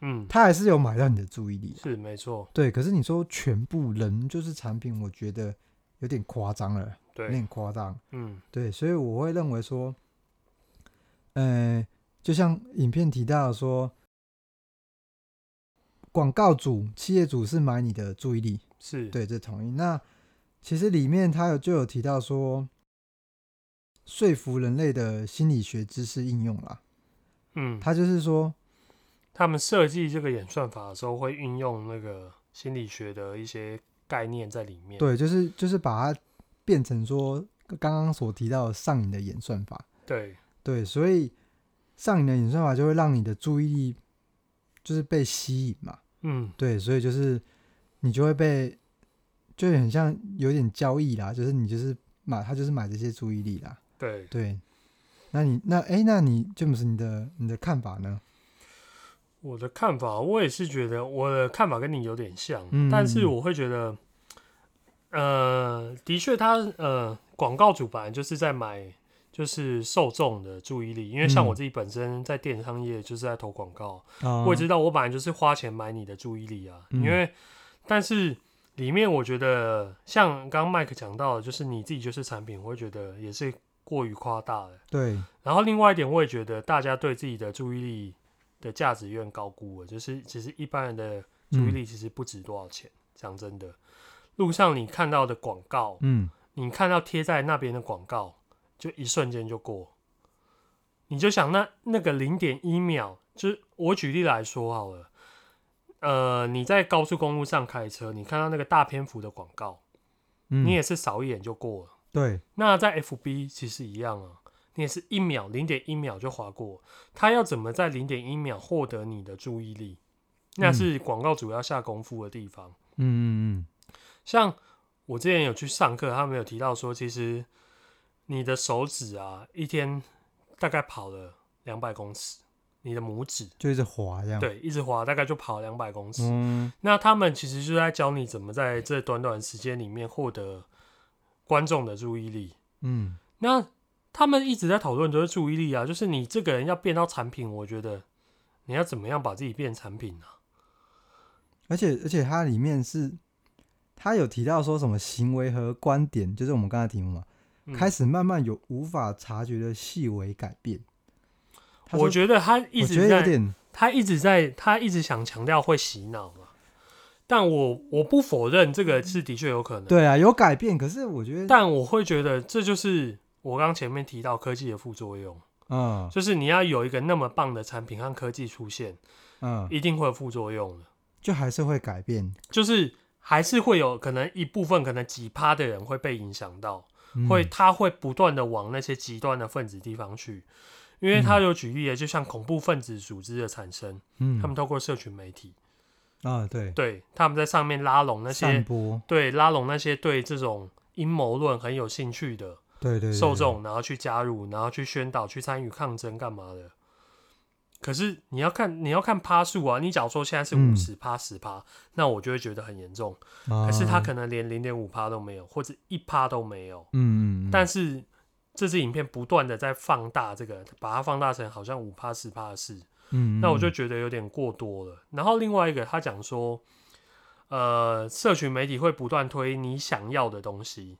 嗯，他還是有買到你的注意力，是沒錯。對，可是你說全部人就是產品，我覺得有點誇張了，對，有點誇張。嗯，對，所以我會認為說，嗯、呃，就像影片提到說，廣告主、企業主是買你的注意力，是，對，這同意。那其實裡面他有就有提到說，說服人類的心理學知識應用啦，嗯，他就是說。他們設計這個演算法的時候，會運用那個心理學的一些概念在裡面。對，就是就是把它變成說剛剛所提到的上癮的演算法。對對，所以上癮的演算法就會讓你的注意力就是被吸引嘛。嗯，對，所以就是你就會被就會很像有點交易啦，就是你就是買，他就是買這些注意力啦。對對，那你那誒，那你詹姆斯，Jims，你的你的看法呢？我的看法，我也是覺得我的看法跟你有點像，嗯、但是我會覺得，呃，的確，他呃，廣告主本來就是在買，就是受眾的注意力，因為像我自己本身在電商業就是在投廣告，嗯，我也知道我本來就是花錢買你的注意力啊，嗯、因為但是裡面我覺得像剛麥克講到的，就是你自己就是產品，我會覺得也是過於誇大了。對，然後另外一點，我也覺得大家對自己的注意力的價值遠高估了，就是其實一般人的注意力其實不值多少錢。講、嗯、真的，路上你看到的廣告，嗯，你看到貼在那邊的廣告，就一瞬間就過，你就想那那個零點一秒，就是我舉例來說好了，呃，你在高速公路上開車，你看到那個大篇幅的廣告、嗯，你也是掃一眼就過了。對，那在 FB 其實一樣啊。也是一秒，零點一秒就滑過，他要怎麼在零點一秒獲得你的注意力？那是廣告主要下功夫的地方。嗯嗯嗯。像我之前有去上課，他們有提到說，其實你的手指啊，一天大概跑了兩百公尺，你的拇指就一直滑這樣。對，一直滑大概就跑兩百公尺。嗯。那他們其實就在教你怎麼在這短短時間裡面獲得觀眾的注意力。嗯。那。他們一直在討論都是注意力啊，就是你這個人要變到產品，我覺得你要怎麼樣把自己變成產品呢、啊？而且而且，它裡面是，他有提到說什麼行為和觀點，就是我們剛才題目嘛、嗯，開始慢慢有無法察覺的細微改變。我覺得，他一，直我覺得他一直在，他一直在，他一直想強調會洗腦嘛。但我我不否認這個是的確有可能、嗯，對啊，有改變，可是我覺得，但我會覺得這就是。我剛剛前面提到科技的副作用，嗯、呃，就是你要有一個那麼棒的產品和科技出現，嗯、呃，一定會有副作用，就還是會改變，就是還是會有可能一部分可能幾趴的人會被影響到、嗯，會他會不斷的往那些極端的分子地方去，因為他有舉例的，就像恐怖分子組織的產生，嗯，他們透過社群媒體，啊、呃，對對，他們在上面拉攏那些，對拉攏那些對這種陰謀論很有興趣的。對對，對，受眾，然後去加入，然後去宣導，去參與抗爭，幹嘛的？可是你要看，你要看趴數啊！你假如說現在是五十趴、十趴、嗯，那我就會覺得很嚴重。可、啊、是他可能連零點五趴都沒有，或者一趴都沒有。嗯嗯。但是這支影片不斷的在放大這個，把它放大成好像五趴、十趴的事。嗯，嗯。那我就覺得有點過多了。然後另外一個，他講說，呃，社群媒體會不斷推你想要的東西。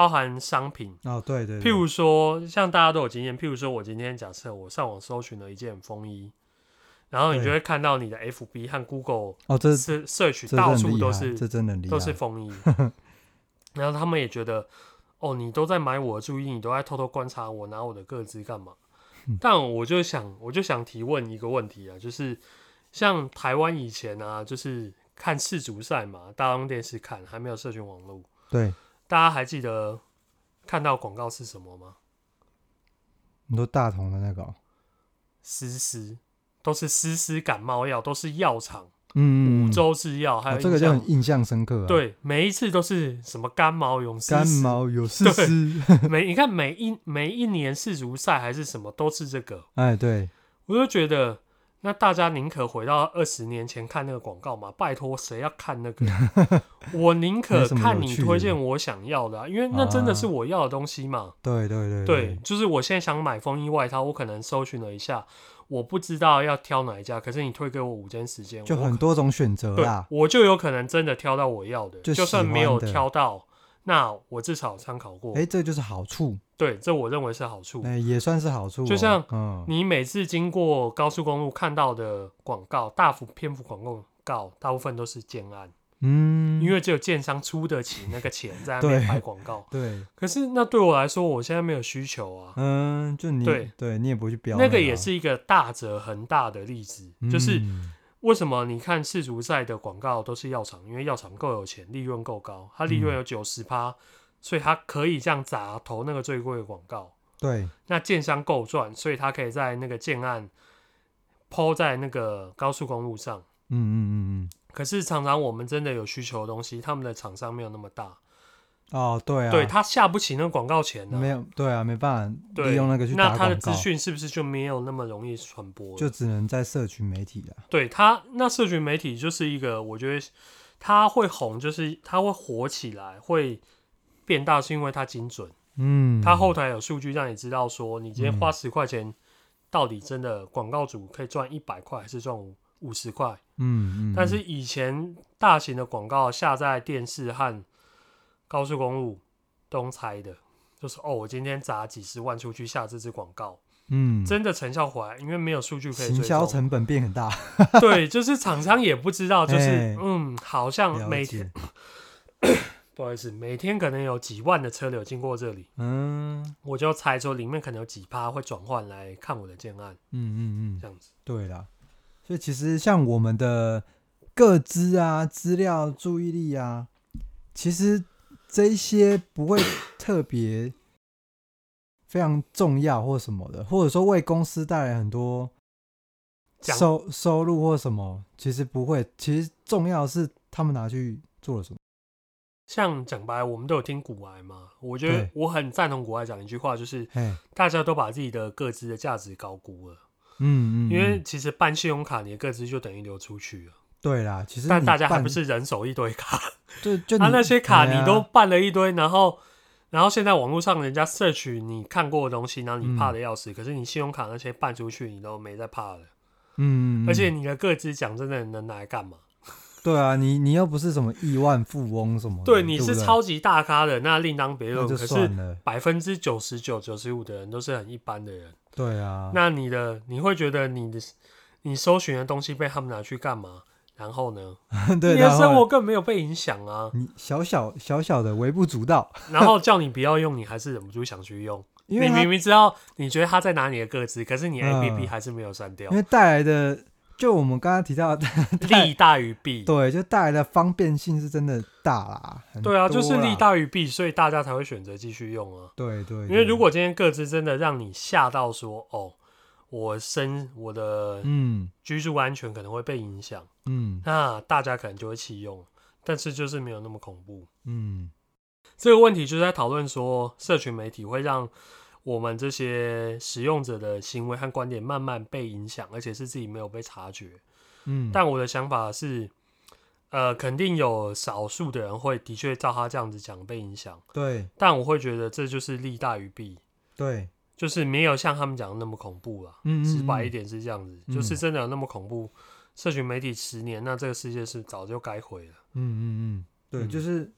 包含商品、哦、對對對譬如說，像大家都有經驗，譬如說我今天假設我上網搜尋了一件風衣，然後你就會看到你的 FB 和 Google 哦，這是 search 到處都是，都是風衣。 然後他們也覺得，哦，你都在買我的注意，你都在偷偷觀察我拿我的個資幹嘛、嗯？但我就想，我就想提問一個問題啊，就是像台灣以前啊，就是看世足賽嘛，大眾電視看，還沒有社群網絡，對。大家還記得看到廣告是什麼嗎？很多大同的那個斯斯都是斯斯感冒藥，都是藥廠，嗯，五洲製藥還有、哦、這個就很印象深刻、啊。對，每一次都是什麼感冒用斯斯，感冒用斯斯。對 每你看每一每一年世足賽還是什麼都是這個，哎，對我就覺得。那大家寧可回到二十年前看那個廣告嘛？拜托，誰要看那個？ 我寧可看你推薦我想要的、啊，因為那真的是我要的東西嘛。啊、對對對，對，對，就是我現在想買風衣外套，我可能搜尋了一下，我不知道要挑哪一家，可是你推給我五間，時間，就很多種選擇，對，我就有可能真的挑到我要的，就，的就算沒有挑到，那我至少參考過，哎、欸，這就是好處。對，這我認為是好處，欸、也算是好處、哦。就像你每次經過高速公路看到的廣告、嗯，大幅篇幅廣告，大部分都是建案。嗯，因為只有建商出得起那個錢在那邊拍廣告。對，可是那對我來說，我現在沒有需求啊。嗯，就你對，對，對你也不會去標那個，也是一個大則恆大的例子，嗯、就是。為什麼你看世足賽的廣告都是藥廠？因為藥廠夠有錢，利潤夠高，它利潤有九十趴，所以它可以這樣砸投那個最貴的廣告。對，那建商夠賺，所以他可以在那個建案鋪在那個高速公路上。嗯嗯嗯嗯。可是常常我們真的有需求的東西，他們的廠商沒有那麼大。哦、oh，對啊，對他下不起那個廣告錢了，啊，沒有，對啊，沒辦法，利用那個去打廣告，那他的資訊是不是就沒有那麼容易傳播？就只能在社群媒體了。對他，那社群媒體就是一個，我覺得他會紅，就是他會火起來，會變大，是因為他精準。嗯，他後台有數據讓你知道，說你今天花十塊錢、嗯，到底真的廣告主可以賺一百塊，還是賺五十塊？嗯，嗯，但是以前大型的廣告下在電視和。高速公路東猜的，就是哦，我今天砸幾十萬出去下這支廣告，嗯，真的成效回來，因為沒有數據可以追蹤，行銷成本變很大。 對，就是廠商也不知道，就是嗯，好像每天， 不好意思，每天可能有幾萬的車流經過這裡，嗯，我就猜說裡面可能有幾趴會轉換來看我的建案，嗯嗯嗯，這樣子，對啦，所以其實像我們的個資啊、資料、注意力啊，其實。這一些不會特別非常重要，或者什麼的，或者說為公司帶來很多收收入、或什麼，其實不會。其實重要是他們拿去做了什麼。像講白，我們都有聽股癌嘛，我覺得我很贊同股癌講一句話，就是大家都把自己的各自的價值高估了。嗯，嗯嗯，因為其實辦信用卡，你的個資就等於流出去了。對啦，其實但大家還不是人手一堆卡，就就他、啊、那些卡你都辦了一堆，啊、然後然後現在網絡上人家 search 你看過的東西，然後你怕的要死、嗯。可是你信用卡那些辦出去，你都沒在怕的。嗯，而且你的個資講真的能拿來幹嘛？對啊，你你又不是什麼億萬富翁什麼的？ 對，你是超級大咖的，那另當別論。可是百分之九十九、九十五的人都是很一般的人。對啊，那你的你會覺得你的你搜尋的東西被他們拿去幹嘛？然後呢 然後？你的生活更沒有被影響啊！你小小小小的微不足道。 然後叫你不要用，你還是忍不住想去用。因為你明明知道你覺得他在拿你的個資，可是你 APP 還是沒有刪掉、嗯。因為帶來的，就我們剛剛提到的，利大於弊。對，就帶來的方便性是真的大啦。對啊，就是利大於弊，所以大家才會選擇繼續用啊。對，對對。因為如果今天個資真的讓你嚇到說，說哦。我身我的嗯，居住安全可能會被影響，嗯，那大家可能就會棄用，但是就是沒有那麼恐怖，嗯。這個問題就是在討論說，社群媒體會讓我們這些使用者的行為和觀點慢慢被影響，而且是自己沒有被察覺，嗯。但我的想法是，呃，肯定有少數的人會的確照他這樣子講被影響，對。但我會覺得這就是利大於弊，對。就是沒有像他們講的那麼恐怖了、啊。嗯直、嗯嗯、白一點是這樣子、嗯，就是真的有那麼恐怖、嗯？社群媒體十年，那這個世界是早就該毀了。嗯嗯嗯。對，嗯、就是，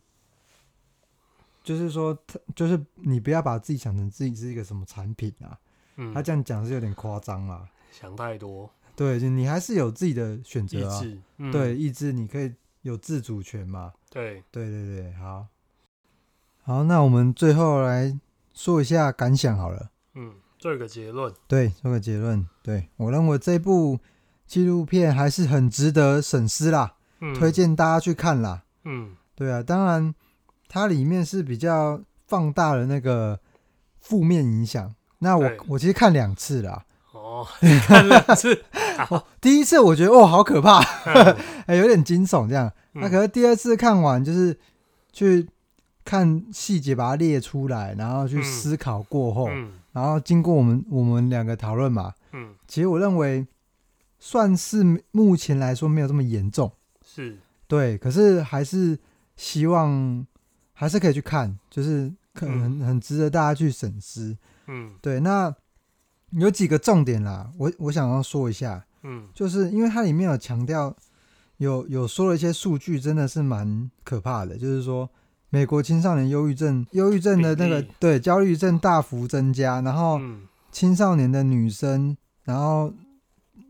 就是說，他就是你不要把自己想成自己是一個什麼產品啊。嗯。他這樣講是有點誇張了。想太多。對，就你還是有自己的選擇啊意志、嗯。對，意志你可以有自主權嘛。對。對對對，好。好，那我們最後來說一下感想好了。嗯，做一個結論。對，做個結論。對，我認為這部紀錄片還是很值得省思啦，嗯、推薦大家去看啦。嗯，對啊，當然它裡面是比較放大的那個負面影響。那我我其實看兩次啦。哦， 看兩兩次。 啊、第一次我覺得哦，好可怕， 欸、有點驚悚這樣、嗯。那可是第二次看完，就是去看細節，把它列出來，然後去思考過後。嗯嗯然後經過我們我們兩個討論嘛，嗯，其實我認為算是目前來說沒有這麼嚴重，是，對，可是還是希望還是可以去看，就是可能，嗯，很值得大家去審視，嗯，對，那有幾個重點啦，我我想要說一下，嗯，就是因為它裡面有強調有，有有說了一些數據，真的是蠻可怕的，就是說。美國青少年憂鬱症、憂鬱症的那個對焦慮症大幅增加，然後青少年的女生，然後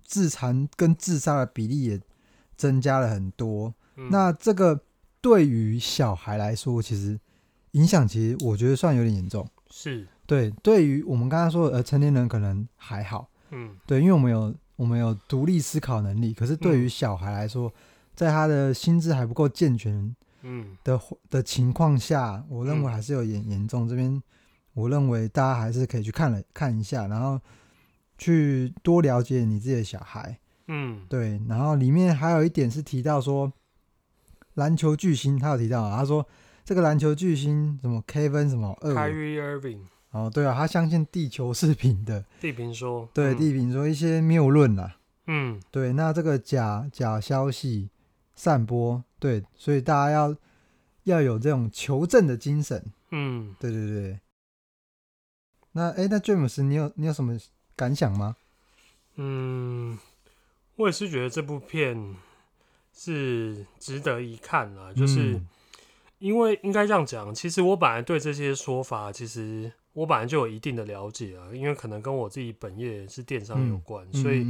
自殘跟自殺的比例也增加了很多。嗯、那這個對於小孩來說，其實影響其實我覺得算有點嚴重。是對，對於我們剛才說的呃成年人可能還好，嗯，對，因為我們有我們有獨立思考能力，可是對於小孩來說，在他的心智還不夠健全。嗯的的情況下，我認為還是有嚴嚴重。嗯、這邊我認為大家還是可以去看了看一下，然後去多了解你自己的小孩。嗯，對。然後裡面還有一點是提到說，籃球巨星他有提到，他說這個籃球巨星什麼 Kevin 什麼二。Kyrie Irving。哦，對啊，他相信地球是平的。地平說。對，嗯、地平說一些謬論啊。嗯，對。那這個假假消息，散播對，所以大家要要有這種求證的精神。嗯，對對對。那哎、欸，那詹姆斯，你有你有什麼感想嗎？嗯，我也是覺得這部片是值得一看啊，就是因為應該這樣講，其實我本來對這些說法，其實我本來就有一定的了解啊，因為可能跟我自己本業是電商有關，嗯、所以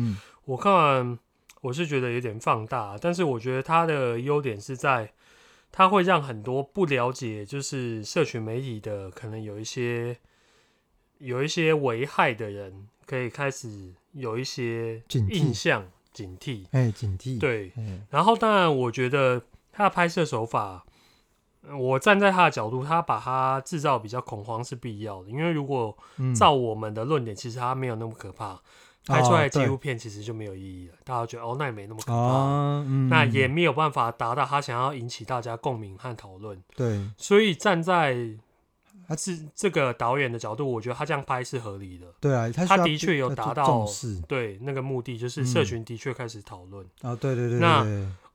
我看完。我是覺得有點放大，但是我覺得它的優點是在它會讓很多不了解就是社群媒體的可能有一些有一些危害的人可以開始有一些印象、警惕，哎，警惕。對，欸，然後當然，我覺得他的拍攝手法，我站在他的角度，他把它製造比較恐慌是必要的，因為如果照我們的論點，嗯，其實它沒有那麼可怕。拍出來紀錄片其實就沒有意義了，哦、大家覺得哦，那也沒那麼可怕，哦嗯，那也沒有辦法達到他想要引起大家共鳴和討論。對，所以站在他是這個導演的角度，我覺得他這樣拍是合理的。對啊，他，他的確有達到重視，對那個目的，就是社群的確開始討論啊。對對對，那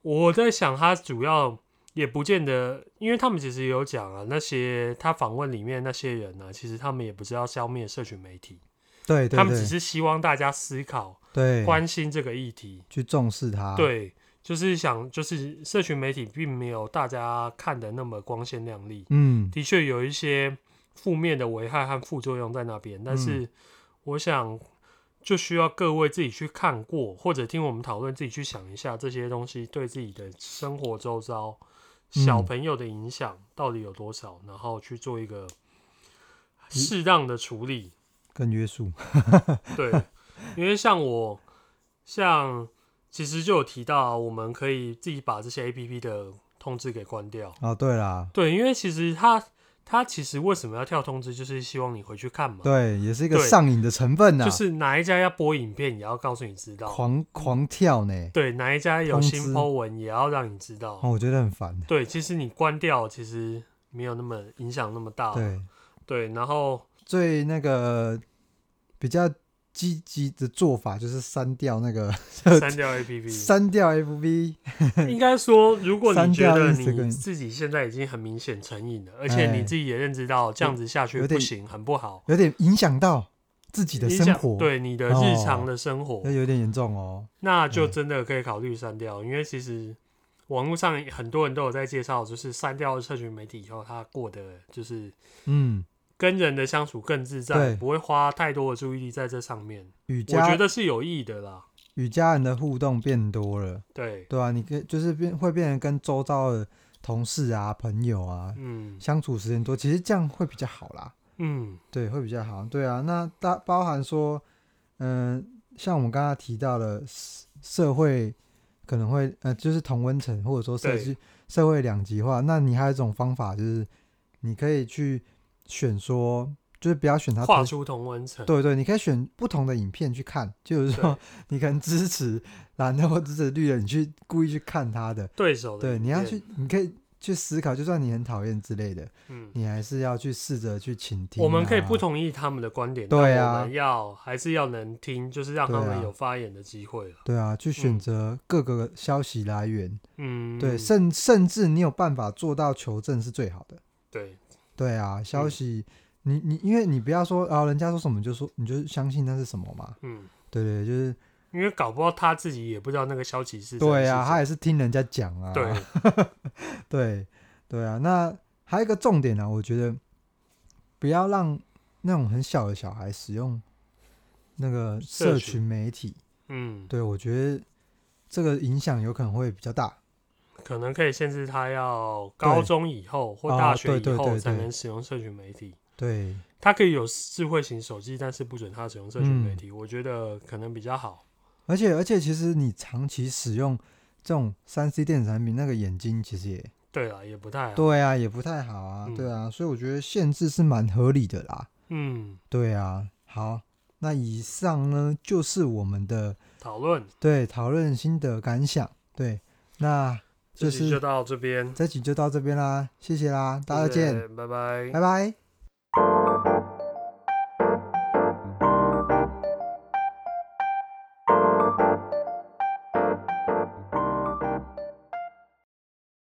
我在想，他主要也不見得，因為他們其實有講啊，那些他訪問裡面那些人呢，啊，其實他們也不是要消滅社群媒體。對，對，對，他們只是希望大家思考，對，關心這個議題，去重視它。對，就是想，就是社群媒體並沒有大家看的那麼光鮮亮麗。嗯，的確有一些負面的危害和副作用在那邊，但是我想就需要各位自己去看過，嗯，或者聽我們討論，自己去想一下這些東西對自己的生活周遭，嗯，小朋友的影響到底有多少，然後去做一個適當的處理。嗯更約束， 對，因為像我像其實就有提到、啊，我們可以自己把這些 A P P 的通知給關掉啊、哦。對啦，對，因為其實他他其實為什麼要跳通知，就是希望你回去看嘛。對，也是一個上癮的成分呢、啊。就是哪一家要播影片，也要告訴你知道，狂狂跳呢。對，哪一家有新 PO 文，也要讓你知道。通知哦、我覺得很煩。對，其實你關掉，其實沒有那麼影響那麼大、啊對。對，然後。最那個比較積極的做法就是刪掉那個刪掉 APP，刪掉 FB。應該說，如果你覺得你自己現在已經很明顯成癮了，而且你自己也認知到這樣子下去不行，很不好，有點影響到自己的生活，對你的日常的生活，有點嚴重哦。那就真的可以考慮刪掉，因為其實網絡上很多人都有在介紹，就是刪掉的社群媒體以後，他過的就是嗯。跟人的相處更自在，對，不會花太多的注意力在這上面。與家我覺得是有益的啦，與家人的互動變多了，對對啊，你跟就是變會變成跟周遭的同事啊、朋友啊，嗯，相處時間多，其實這樣會比較好啦，嗯，對，會比較好，對啊。那大包含說，嗯、呃，像我們剛剛提到的，社會可能會呃，就是同溫層，或者說甚至社會兩極化，那你還有一種方法就是你可以去。選說就是不要選他畫出同溫層。對,對對，你可以選不同的影片去看，就是說你可能支持藍的或支持綠的，你去故意去看他的對手。對，你要去，你可以去思考，就算你很討厭之類的，嗯，你還是要去試着去傾聽啊。我們可以不同意他們的觀點，對啊，要還是要能聽，就是讓他們有發言的機會啊，對啊，去選擇各個個消息來源，嗯，對，甚甚至你有辦法做到求證是最好的。對。對啊，消息、嗯、你你，因為你不要說，然後、啊、人家說什麼就說，你就相信那是什麼嘛？嗯，對對，對，就是因為搞不到他自己也不知道那個消息是。對啊，他也是聽人家講啊。對， 對對啊，那還有一個重點呢、啊，我覺得不要讓那種很小的小孩使用那個社群媒體。嗯，對，我覺得這個影響有可能會比較大。可能可以限制他要高中以後或大學以後才能使用社群媒體。對，對，他可以有智慧型手機，但是不准他使用社群媒體，嗯。我覺得可能比較好。而且，而且，其實你長期使用這種三 C 電子產品，那個眼睛，其實也對啊，也不太好，對啊，也不太好啊，對啊。嗯、所以我覺得限制是蠻合理的啦。嗯，對啊。好，那以上呢就是我們的討論，對，討論心得感想，對，那。這集就到這邊，這集就到這邊啦，謝謝啦，大家再見，拜拜，拜拜。